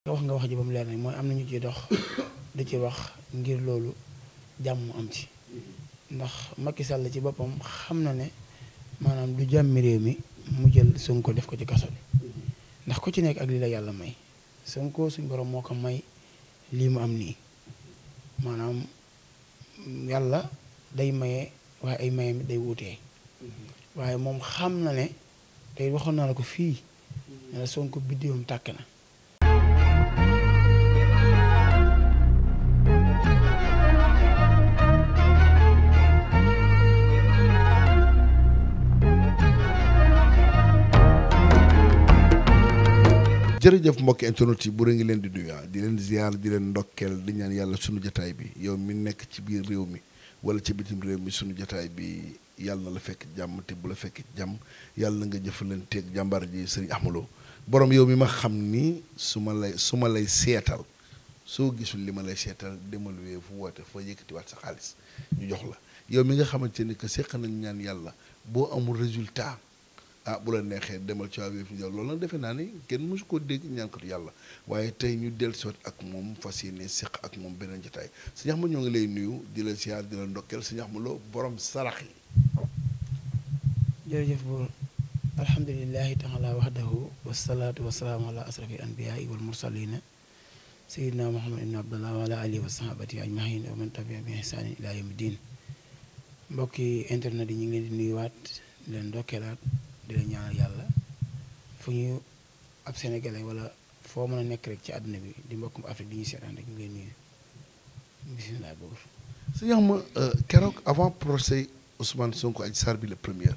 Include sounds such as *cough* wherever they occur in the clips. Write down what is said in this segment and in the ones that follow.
nga wax nga wax ji ba mu leer nañ mooy am nañu ci dox *coughs* di ci wax ngir loolu jàmm am ci ndax Macky Sall ci boppam xam na ne maanaam du jàmmi réew mi mu jël sunko def ko ci kaso bi ndax ku ci nekk ak lii la yàlla may Sonko suñ boroom moo ko may lii mu am nii maanaam yàlla day maye waaye ay mayam day wutee waaye moom xam na ne tey waxoon naa la ko fii ne mm-hmm. la Sonko biddéewam tàkk na jërëjëf mbokki internet yi bu ngi leen di duyaa di leen ziar di leen ndokkeel di ñaan yàlla sunu jataay bi yow mi nekk ci biir réew mi wala ci bitim réew mi suñu jataay bi yàlla na la fekk jàmm te bu la fekk jàmm yàlla na nga jëfalanteeg jàmbaar ji sëriñ amuloo boroom yow mi ma xam ni su ma lay su ma lay seetal soo gisul li ma lay seetal demal wee fu woote foo yëkkatiwaat sa xaalis ñu jox la yow mi nga xamante ni que seq nañ ñaan yàlla boo amul résultat ah bu la neexee demal ci waa yëpp ñu loolu nag defe naa ni kenn mësu ko dégg ñaankatu yàlla waaye tey ñu del soit ak moom fas yéene seq ak moom beneen jotaay sëñ ma ñoo ngi lay nuyu di la siyaar di la ndokkeel sëñ Axma Lo borom sarax yi jërëjëf bu alhamdulilahi taala waxdahu wasalaatu wasalaamu ala asrafi anbiyaai wal mursalina sayidina muhammad ibn abdullah wa ala alihi wa sahabati ajmahin wa man bi ihsanin ila yawmi din mbokki internet yi ñu ngi di nuyuwaat di leen ndokkeelaat di ñaar yàlla fu ñu ab sénégalais wala foo mën a nekk rek ci àdduna bi di mbokkum Afrique di ñu seetaan rek ñu ngi nuyu bisimilah boobu. sëñ Axma euh, keroog avant procès Ousmane Sonko Adji Sarr bi la première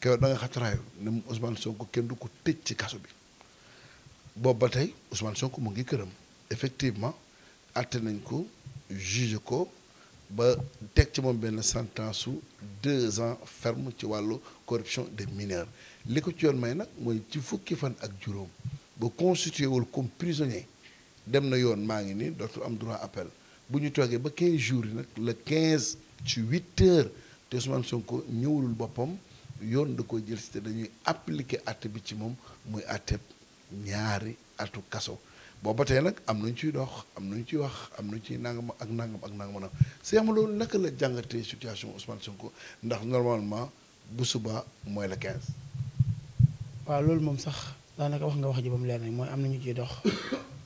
keroog da nga xatraayu ne Ousmane Sonko kenn du ko tëj ci kaso bi boobu ba tey Ousmane Sonko mu ngi këram effectivement àtte nañ ko juge ko. ba teg ci moom benn sentence su deux ans ferme ci wàllu corruption des mineurs li ko ci yoon may nag mooy ci fukki fan ak juróom ba constitué wul comme prisonnier dem na yoon maa ngi ni dootul am droit appel bu ñu toogee ba 15 jours yi nag le 15 ci 8 heures te Ousmane Sonko ñëwulul boppam yoon da ko jël si te dañuy appliquer àtte bi ci moom mooy àtte ñaari atu kaso. booba tey nag am nañ ciy dox am nañ ciy wax am nañ ciy nangam ak nangam ak nangam nag Cheikh ma loolu naka la jàngatee situation Ousmane ko ndax normalement bu suba mooy la 15. waaw loolu moom sax daanaka wax nga wax ji ba mu leer nañ mooy am nañu ciy dox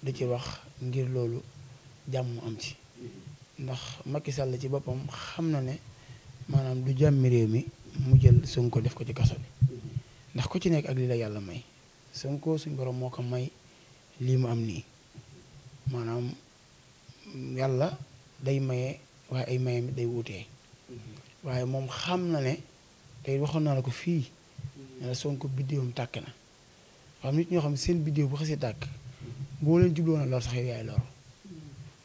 di ci wax ngir loolu jàmm am ci ndax Macky Sall ci boppam xam na ne maanaam du jàmmi réew mi mu jël ko def ko ci kaso bi ndax ku ci nekk ak li la yàlla may ko suñ borom moo ko may. lii mu am nii maanaam yàlla day maye waaye ay mayam day wutee mm-hmm. waaye moom xam na ne tey waxoon naa la ko fii mm-hmm. ne la Sonko biddéewam tàkk na xam nit ñoo xam ne seen biddéew bu xasee tàkk mm-hmm. boo leen jubloon a lor sax yow yaay lor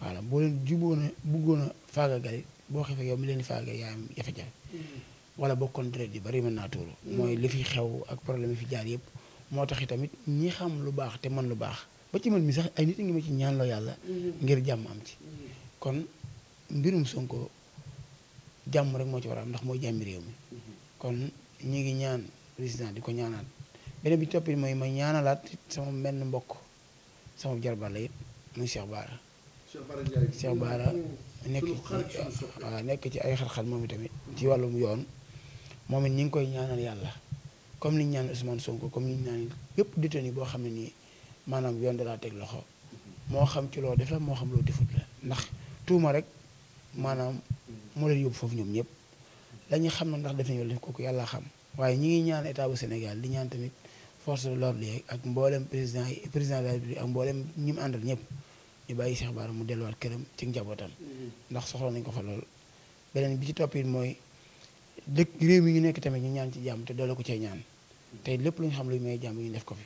voilà boo leen jubboon a buggoon a faagagal boo xefee yow mi leen di faaga yaay am jafe-jafe wala bokkoon deret yu bari mën naa tuuru mooy li fi xew ak problème yi fi jaar yépp moo tax i tamit ñi xam lu baax te mën lu baax ba ci man mi sax ay nit a ma ci ñaanloo yàlla mhm. ngir jàmm am ci mhm. kon mbirum Sonko jàmm rek moo ci war a am ndax mooy jàmmi réew mi mhm. kon ñi ngi ñaan président di ko ñaanaat beneen bi ci mooy ma ñaanalaat sama benn mbokk sama jarbaar la it muy Cheikh Baara Cheikh Baara nekk ci waaw nekk ci ay xar-xar moom tamit ci wàllum yoon moom it ñi ngi koy ñaanal yàlla comme ni ñu ñaan Ousmane Sonko comme ni ñu ñaan yëpp détenu boo xam ne nii maanaam yoon de laa teg loxo moo xam ci loo def la moo xam loo defut la ndax tuuma rek maanaam moo leen yóbbu foofu ñoom ñëpp la xam na ndax def nañu def xam waaye ñi ngi ñaan état bu Sénégal di ñaan tamit force de l'ordre ak mboolem président président de la République mboolem ñi mu àndal ñëpp ñu bàyyi Cheikh Bara mu delluwaat këram ci njabootam ndax soxla nañ ko fa lool beneen bi ci topp it mooy dëkk réew mi ñu nekk tamit ñu ñaan ci jàmm te doole ko cee ñaan te lépp lu ñu xam lu may jàmm ñu def ko fi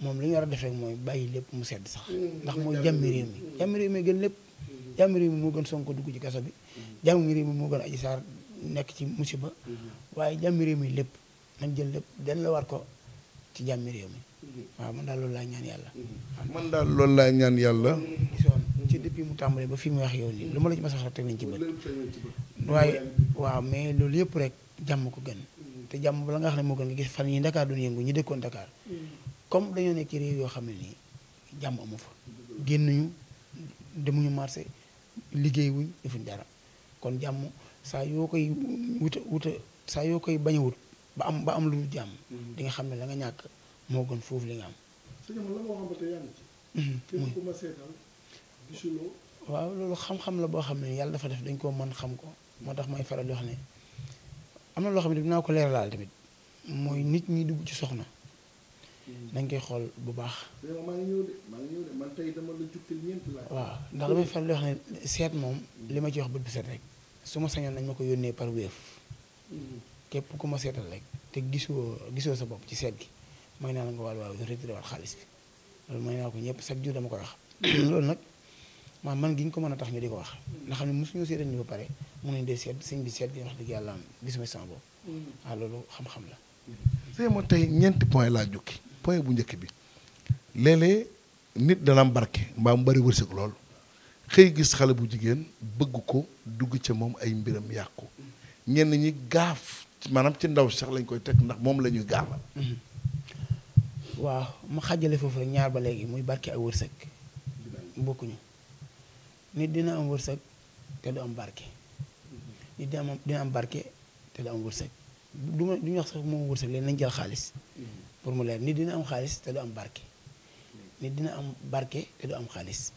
moom li ñu war a defee mooy bàyyi lépp mu sedd sax mm. ndax mm. mooy mm. jàmmi réew mi jàmmi réew mi lépp jàmmi réew moo gën Sonko dugg ci kaso bi jàmmi réew mi moo gën Adji nekk ci musiba mm-hmm. waaye jàmmi réew mi lépp nañ jël lépp den la war ko ci jàmmi réew mi mm-hmm. waaw man daal lool laa ñaan yàlla man loolu laa ñaan yàlla gisoon mm-hmm. ci depuis mu tàmbalee ba fi mu wax yow nii lu ma la ci mas a xalaat teg nañ ci bët waaye waaw mais loolu yëpp rek jàmm ko gën te jàmm bala nga xam ne moo gën nga gis fan yi Dakar doon yëngu ñu dëkkoon Dakar comme dañoo nekk ci yoo xam ne nii jàmm amu fa génnuñu demuñu marché liggéey wuñ defuñ dara kon jàmm saa yoo koy wuta wuta saa yoo koy bañ ba am ba am lu jàmm mhm. di nga xam ne la nga ñàkk moo gën foofu li nga am mhm, waaw loolu xam-xam la boo xam ne yàlla dafa def dañ koo mën xam ko moo tax may faral di wax ne am na loo xam ne dinaa ko leeralaal tamit mooy nit ñi dugg ci soxna dañ koy xool bu baax. maa ngi ñëw de waaw ndax damay faral di wax ne seet moom li ma ci wax bët bu set rek su ma sañoon nañ ma ko yónnee par wéef képp ku ma seetal rek te gisoo gisoo sa bopp ci seet gi may ngi la nga waal waaw retiré xaalis bi loolu may naa ko ñëpp chaque jour dama koy wax *coughs* loolu nag maa man gi ñu ko mën a tax ñu di ko wax nga xam ne mu mosuñu seetal ñu ba pare mun nañu dee seet sëñ bi seet gi wax dëgg yàlla gisuma sama bopp mm. waaw loolu xam-xam la. sëñ ma tey point bu njëkk bi léeg-léeg nit dana am barke mbaa mu bari wërsëg lool xëy gis xale bu jigéen bëgg ko dugg ci moom ay mbiram yàqu ñenn ñi gaaf maanaam ci ndaw sax lañ koy teg ndax moom la ñuy gaafal mm-hmm. waaw ma xàjjale foofu rek ñaar ba léegi muy barke ak wërsëg bokkuñu nit dina am wërsëg te du am barke nit dina am dina barke te du am wërsëg du ma du ñu wax sax moom wërsëg leen nañ jël xaalis pour mu leer nit dina am xaalis te du am barke nit dina am barke te du am xaalis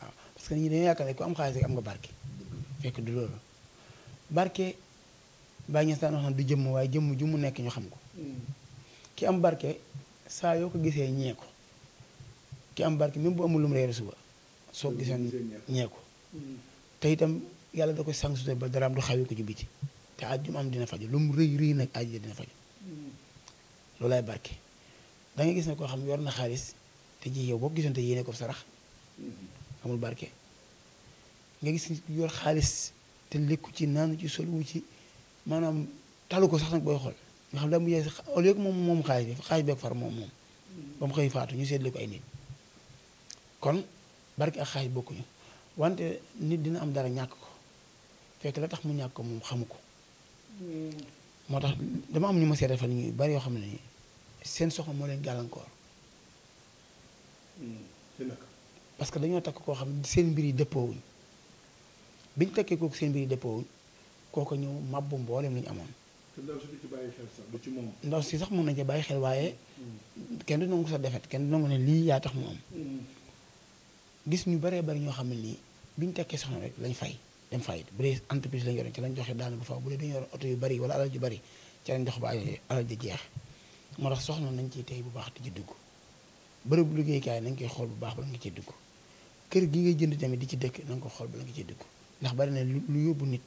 waaw parce que nit ñi dañuy ne ku am xaalis rek am nga barke fekk du loolu barke bàyyi ñu saan wax du jëmm waaye jëmm ju mu nekk ñu xam ko ki am barke saa yoo ko gisee ñee ko ki am barke même bu amul lu mu reer suba soo gisee ñee ko te yàlla da ko sang ba daraam du xawee ko ci dina faju lu mu rëy rëy nag aaj dina faju loolaay barke da gis ne koo xam yor na xaalis te ji yow boo gisante gisoon te yéene ko sarax amul barke nga gis yor xaalis te lekku ci naanu ci solwu ci maanaam talu ko sax nag booy xool nga xam daa moom moom xaalis bi xaalis beeg far moom moom xëy faatu ñu seetlu ko ay nit kon barke ak bokkuñu wante nit dina am dara ñàkk ko fekk la tax mu ñàkk moom xamu ko hmm. moo tax dama am ñu ma seetal fan yu bari yoo xam ne nii seen soxla moo leen gàllankoor. Hmm, parce que dañoo takk koo xam ne seen mbir yi dëppoowuñ bi ñu takkee kooku seen mbir yi dëppoowuñ kooku ñëw mabbu mboolem li ñu amoon. ndaw si ci bàyyi xel ci moom. si sax mën nañu bàyyi xel waaye hmm. kenn du nangu sa defet kenn du nangu ne lii yaa tax mu am. Hmm. gis ñu baree bari ñoo xam ne nii bi ñu tekkee soxna rek lañ fay dem fay bu dee entreprise lañ yoroon ci lañ joxe daanaka bu faaw bu dee dañu yoroon oto yu bari wala alal ju bari ci lañ dox ba alal ji jeex. moo tax soxla nañ ci tey bu baax di ci dugg bërëbu liggéeykaay nañ koy xool bu baax bala nga ciy dugg kër gi ngay jënd tamit di ci dëkk na ko xool bala nga ciy dugg ndax bari na lu yóbbu nit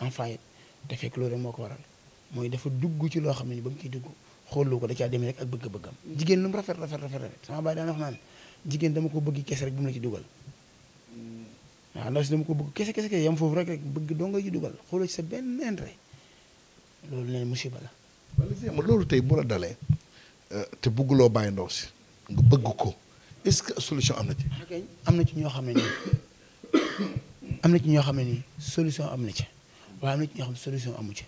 en faillite te moo ko waral mooy dafa dugg ci loo xam ne ni ba mu ciy dugg xooloo ko da demee rek ak bëgg-bëggam jigéen lu rafet rafet rafet rafet sama baay naan jigéen dama ko bëgg kese rek bu mu ci dugal mm. waaw ndax si dama ko bëgg kese kese kese yam foofu rek rek bëgg doo nga ci dugal xooloo sa benn intérêt loolu ne musiba la a loolu tey bu la dalee euh, te bugguloo bàyyi ndaw si nga bëgg ko est-ce que solution am na ci. am na ci ñoo xam ne nii am na ci ñoo xam ne nii solution am na ci waaye am na ñoo xam amu ci.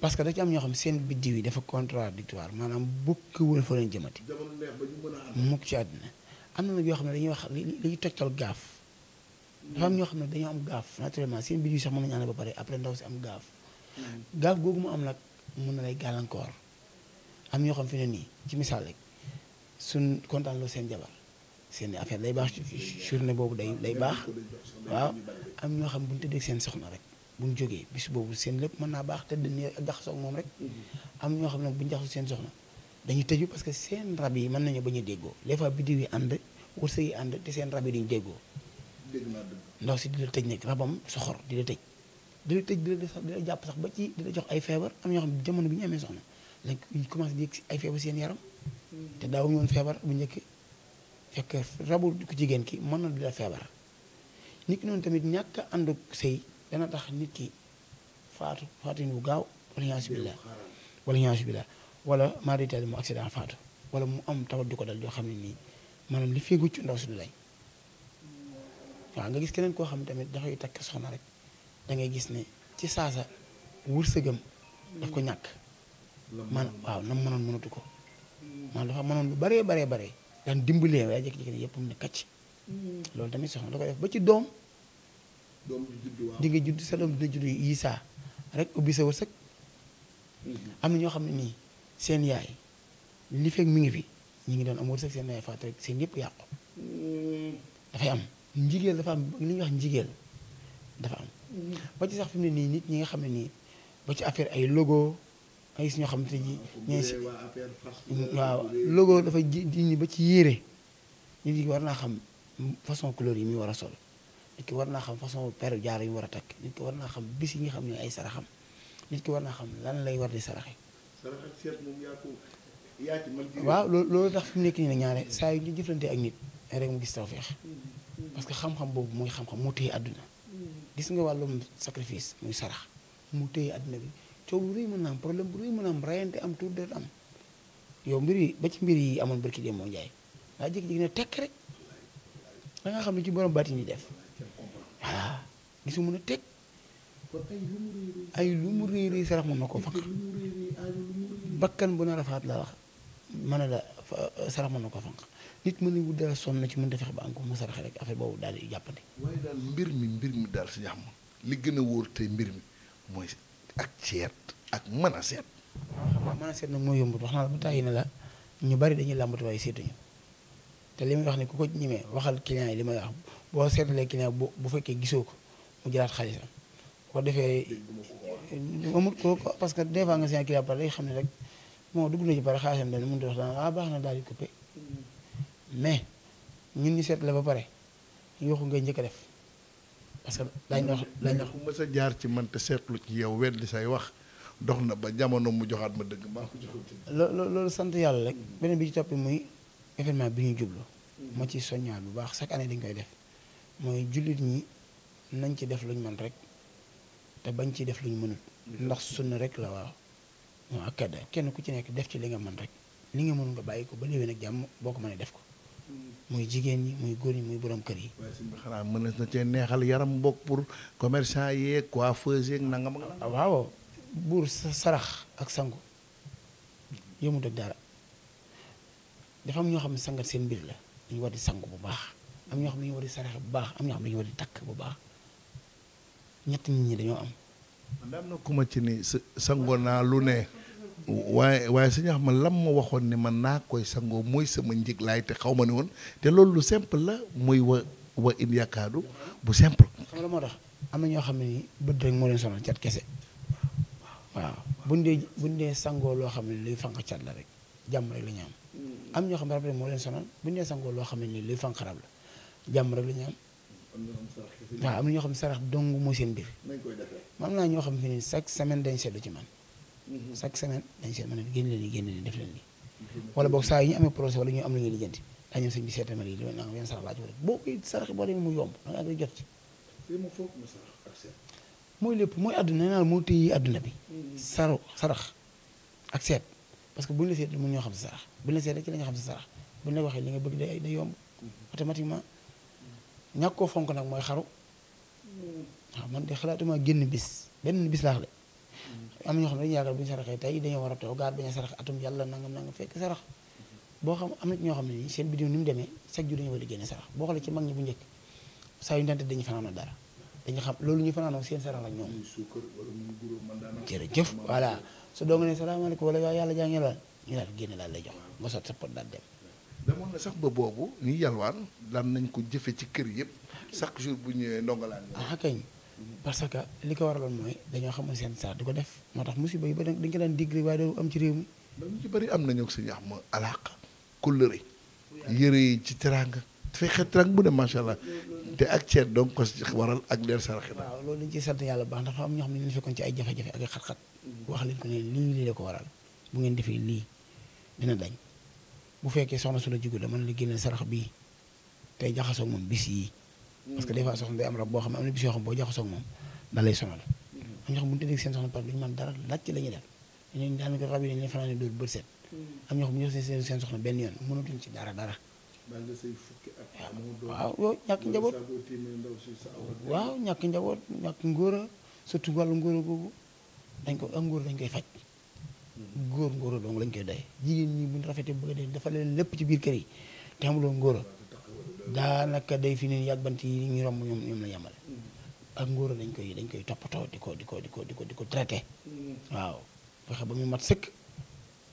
parce que da am ñoo xam seen biddiw yi dafa contradictoire maanaam bokkiwul fa leen jëmati. ci am na nag yoo xam ne dañuy wax li li toccal gaaf. ñoo xam ne dañoo am gaaf naturellement seen biddiw sax mën nañu ànd ba pare après ndaw si am gaaf. Hmm. gaaf googu mu am nag. mun na lay gàllankoor am ñoo xam fi ne nii ci misaal rek suñ kontaan loo seen jabar seen affaire day baax journée boobu day day baax waaw am ñoo xam bu ñu tëddee seen soxna rek bu ñu jógee bis boobu seen lépp mën naa baax tëdd nii ak jaxasoo ak moom rek am ñoo xam ne bu ñu jaxasoo seen soxna dañu tëju parce que seen rab yi mën nañu bañ a déggoo des fois biddiw yi ànd wërsëg yi ànd te seen rab yi duñu déggoo. ndaw si di la tëj nag rabam soxor di la tëj. dina tëj dina jàpp sax ba ci dina jox ay feebar am ñoo xam jamono bi ñu amee soxna lañ commencé di yëg ay feebar seen yaram hmm. te daawuñu woon feebar bu njëkk fekk rabu jigéen ki mën na di feebar nit ki noonu tamit ñàkk a ànd sëy dana tax nit ki faatu faatu bu gaaw wala ñaasu billah wala ñaasu wala maa di tali mu accident faatu wala mu am tawat di ko dal joo xam ne nii maanaam li fii gucc ndaw si du lay hmm. waaw nga gis keneen koo xam tamit yi takk soxna rek da ngay gis ne ci saasa wërsëgam daf ko ñàkk man waaw nam mënoon mënatu ko man dafa mënoon lu baree baree bare daan dimbalee waaye jékki-jékki ne yëpp mu ne kacc mm. loolu tamit soxna da ko def ba ci doom di nga judd sa doom dina rek ubbi sa wërsëg mm-hmm. am na ñoo xam ne nii seen yaay li fekk mi ngi fi ñu ngi doon am wërsëg seen yaay faatu rek seen yépp yàqu mm. dafay am njigéel dafa am li ñuy wax njigéel dafa am ba ci sax fi mu ne nii nit ñi nga xam ne nii ba ci affaire ay logo ay gis ñoo xamante ni ñooy si waaw logo dafa ji ñi ba ci yére nit ñi war naa xam façon couleur yi muy war a sol nit ki war naa xam façon peru jaar yi mu war a takk nit ki war naa xam bis yi nga xam ne ay saraxam nit ki war naa xam lan lay war di saraxe. waaw loolu loolu tax fi mu nekk nii nag ñaare saa yi ñu jëflante ak nit rek mu gis tawfeex parce que xam-xam boobu mooy xam-xam moo téye gis nga wàllum sacrifice muy sarax mu téye àddina bi coow lu rëy mën na am problème bu rëy mën na am rayante am tuur deret am yow mbir yi ba ci mbir yi amoon barki dem moo njaay ngaa jékki-jékki ne tekk rek da xam ne ci borom baati ñi def voilà gisu mën a teg ay lu mu rëy rëy sarax mën na ko fakk bakkan bu na rafaat la wax la Euh, sarax mën na ko fanq nit mën nañu dara sonn na ci mun a fexe ba am ko mu sarax rek affaire boobu daal di jàppandi. mbir mi mbir mi daal si xam li gën a wóor tey mbir mi mooy ak ceet ak mën a seet. waaw mën a nag moo yombut wax naa la bu tàyyi ne la ñu bari dañuy làmbatu waaye seetuñu te li may wax ne ku ko ñemee waxal client yi li may wax boo seetalee client bu bu fekkee gisoo ko mu jëlaat xaalisam boo defee amul ko parce que des fois nga seen client pare day xam ne rek. bon dugg na ci pare xaalisam daal mënut a wax daal ah baax na daal di coupé mais ñun ñi seet la ba pare yokku ngay njëkk a def parce que daañu dañ daañu ku mës a jaar ci man te seetlu ci yow weddi say wax dox na ba jamono mu joxaat ma dëgg maa ko joxul loolu sant yàlla rek. beneen bi ci toppi muy événement bi ñu jublu. ma ciy soññaat bu baax chaque année dañ koy def mooy jullit ñi nañ ci def luñ mën rek te bañ ci def luñ mënul. Mm-hmm. ndax sunna rek la waaw. waaw kadda kenn ku ci nekk def ci li nga mën rek li nga mën nga bàyyi ko ba léwee nag jàmm boo ko mënee def ko hmm. muy jigéen ñi muy góor ñi muy borom kër yi. waaye suñu mën na cee neexal yaram mbokk pour commerçant yeeg coiffeuse yeeg nangam ak. waaw buur sa sarax ak sangu yëmut ak dara dafa am ñoo xam ne sangat seen mbir la dañu war di sangu bu baax am ñoo xam ne dañu war di sarax bu baax am ñoo xam ne war di takk bu baax ñetti nit ñi dañoo am. ndax am na ku ma ci ni sangoo naa lu ne waaye waaye suñu xam ma lam ma waxoon ne man naa koy sangoo mooy sama laay te xaw ma ne woon te loolu lu simple la muy wa wa in yaakaadu bu simple. xam nga moo tax am na ñoo xam ne nii bët rek moo leen sonal cat kese waaw bu dee buñ dee sangoo loo xam ne luy fanq cat la rek jàmm rek la ñu am hmm. am ñoo xam ne rab rek moo leen sonal buñ dee sangoo loo xam ne nii luy fànq rab la jàmm rek la ñu am. waaw am na ñoo xam ne sarax dong moo seen mbir ma am naa ñoo xam fi ne chaque semaine dañ seetlu ci man mhm. chaque semaine dañ seet man génn leen yi génn leen def leen lii mhm. wala boog saa yi ñu amee ñu am la ñuy lijjanti daa ñëw sëñ bi seetal ma lii na benn sarax laa boo koy sarax boo demee mu yomb da nga àgg jot ci mooy lépp mooy àdduna nee naa la moo téye àdduna bi mhm. saru sarax ak seet parce que bu ñu la seet mën ñoo xam sa sarax bu ñu la seet rek ci la nga xam sa sarax bu ñu waxee li nga bëgg day day yomb ñàkk koo fonk nag mooy xaru waaw man de xalaatuma génn bis benn bis laax de mm-hmm. am ñoo xam ne dañu yaakaar bu ñu saraxee tey dañoo war a toog gaar bañ a sarax atum yàlla nangam nangam fekk sarax mm-hmm. boo xam am na ñoo xam ne nii seen bidiw ni mu demee chaque jour dañu war a génne sarax boo xoolee ci mag ñi bu njëkk saa yu ñu dante dañu fanaanoo dara dañu xam loolu ñuy fanaanoo seen sarax la ñoom jërëjëf voilà su doo nga ne salaamaaleykum wala waaw yàlla jaa ngeen laal ñu daal génne daal lay jox nga sot sa pot daal dem demoon na sax ba boobu ñuy yalwaan daan nañ ko jëfe ci kër yëpp chaque jour bu ñëwee ndongalaan ah kañ parce que li ko waraloon mooy dañoo xamul seen saar di ko def moo tax musiba yi ba dañ ko daan digri waaye doo am réew mi ñu bëri am nañoo sëñ Axma alaaka kóllëre yëre yi ci teraanga fexe teraanga bu ne macha allah te ak ceeb donc waral ak leer saraxe waaw loolu lañ ciy sant yàlla baax dafa am ñoo xam ne ñu fekkoon ci ay jafe-jafe ak xat mm-hmm. wax ne lii lii la ko waral bu ngeen defee nii dina dañ bu fekkee soxna su la jugu la mën la génne sarax bii tey jaxasoo ak moom bis yii. parce que des soxna day am rab boo xam ne am na bis yoo xam boo jaxasoo ak moom da lay sonal. am ñoo xam bu ñu tëddee seen soxna parce la ñuy def ñooñu daanaka rab yi dañu leen fanaan dóor bët set. Hmm. am ñoo xam bu ñu seen seen soxna benn yoon mënatuñ ci dara dara. maa ngi say fukki at. waaw waaw ñàkk njaboot waaw ñàkk njaboot ñàkk ngóora surtout wàllu ngóora googu dañ ko ak ngóora dañ koy faj góor ngóora doom lañ koy doy jigéen ñi buñ rafetee bëgg dee dafa leen lépp ci biir kër yi te xamuloo daa daanaka day fi ne yàgbant yi ñu romb ñoom ñoom la yemale ak ngóora dañ koy dañ koy toppatoo di ko di ko di ko di ko di ko traité waaw fexe ba mu mat sëkk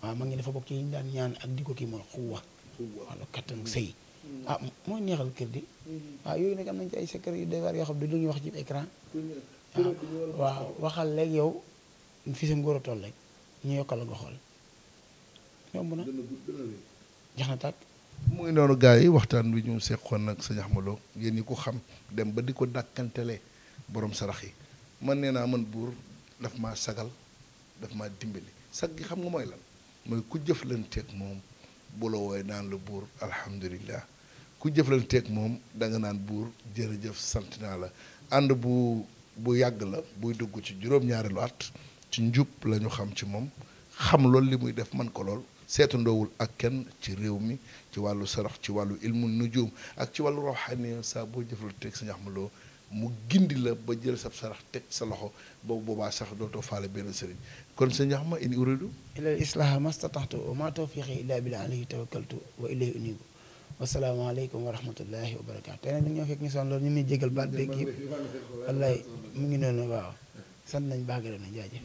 waaw ma ngi dafa bokk ci daan ñaan ak di ko kii mooy xuwa wala kattan sëy ah mooy neexal kër di waaw mm-hmm. ah, yooyu nag am nañ ci ay secret yu doy waar yoo xam ne ñuy wax ci écran ah, waaw waxal léegi yow fi sa ngóor a toll rek ñu yokkal la xool yomb na jeex noonu gars yi waxtaan bi ñu seqoon nag sëñ Ahma Lo yéen ñi ko xam dem ba di ko dàkkantele borom sarax yi man nee naa man buur daf maa sagal daf maa dimbali sag gi xam nga mooy lan mooy ku jëflanteeg moom bu la wooy naan la buur alhamdulilah ku jëflanteeg moom danga naan buur jërëjëf sant naa la ànd bu bu yàgg la buy dugg ci juróom-ñaareelu at ci njub la ñu xam ci moom xam loolu li muy def man ko lool seetandoowul ak kenn ci réew mi ci wàllu sarax ci wàllu ilmu nujum ak ci wàllu roxaani saa boo jëfal teg sa ma loo mu gindi la ba jël sa sarax teg sa loxo boobu boobaa sax dootoo faale benn sëriñ kon sa ñax ma in uridu ilal islaha mastataxtu wa ma tawfiqi illa bi alayhi tawakkaltu wa ilayhi unibu wasalaamaaleykum wa rahmatullahi wa barakaatu tey nag ñoo fekk ñu son loolu ñu ngi jégal baat beeg yëpp wallaay mu ngi noonu waaw sant nañ baa gërëm nañ jaajëf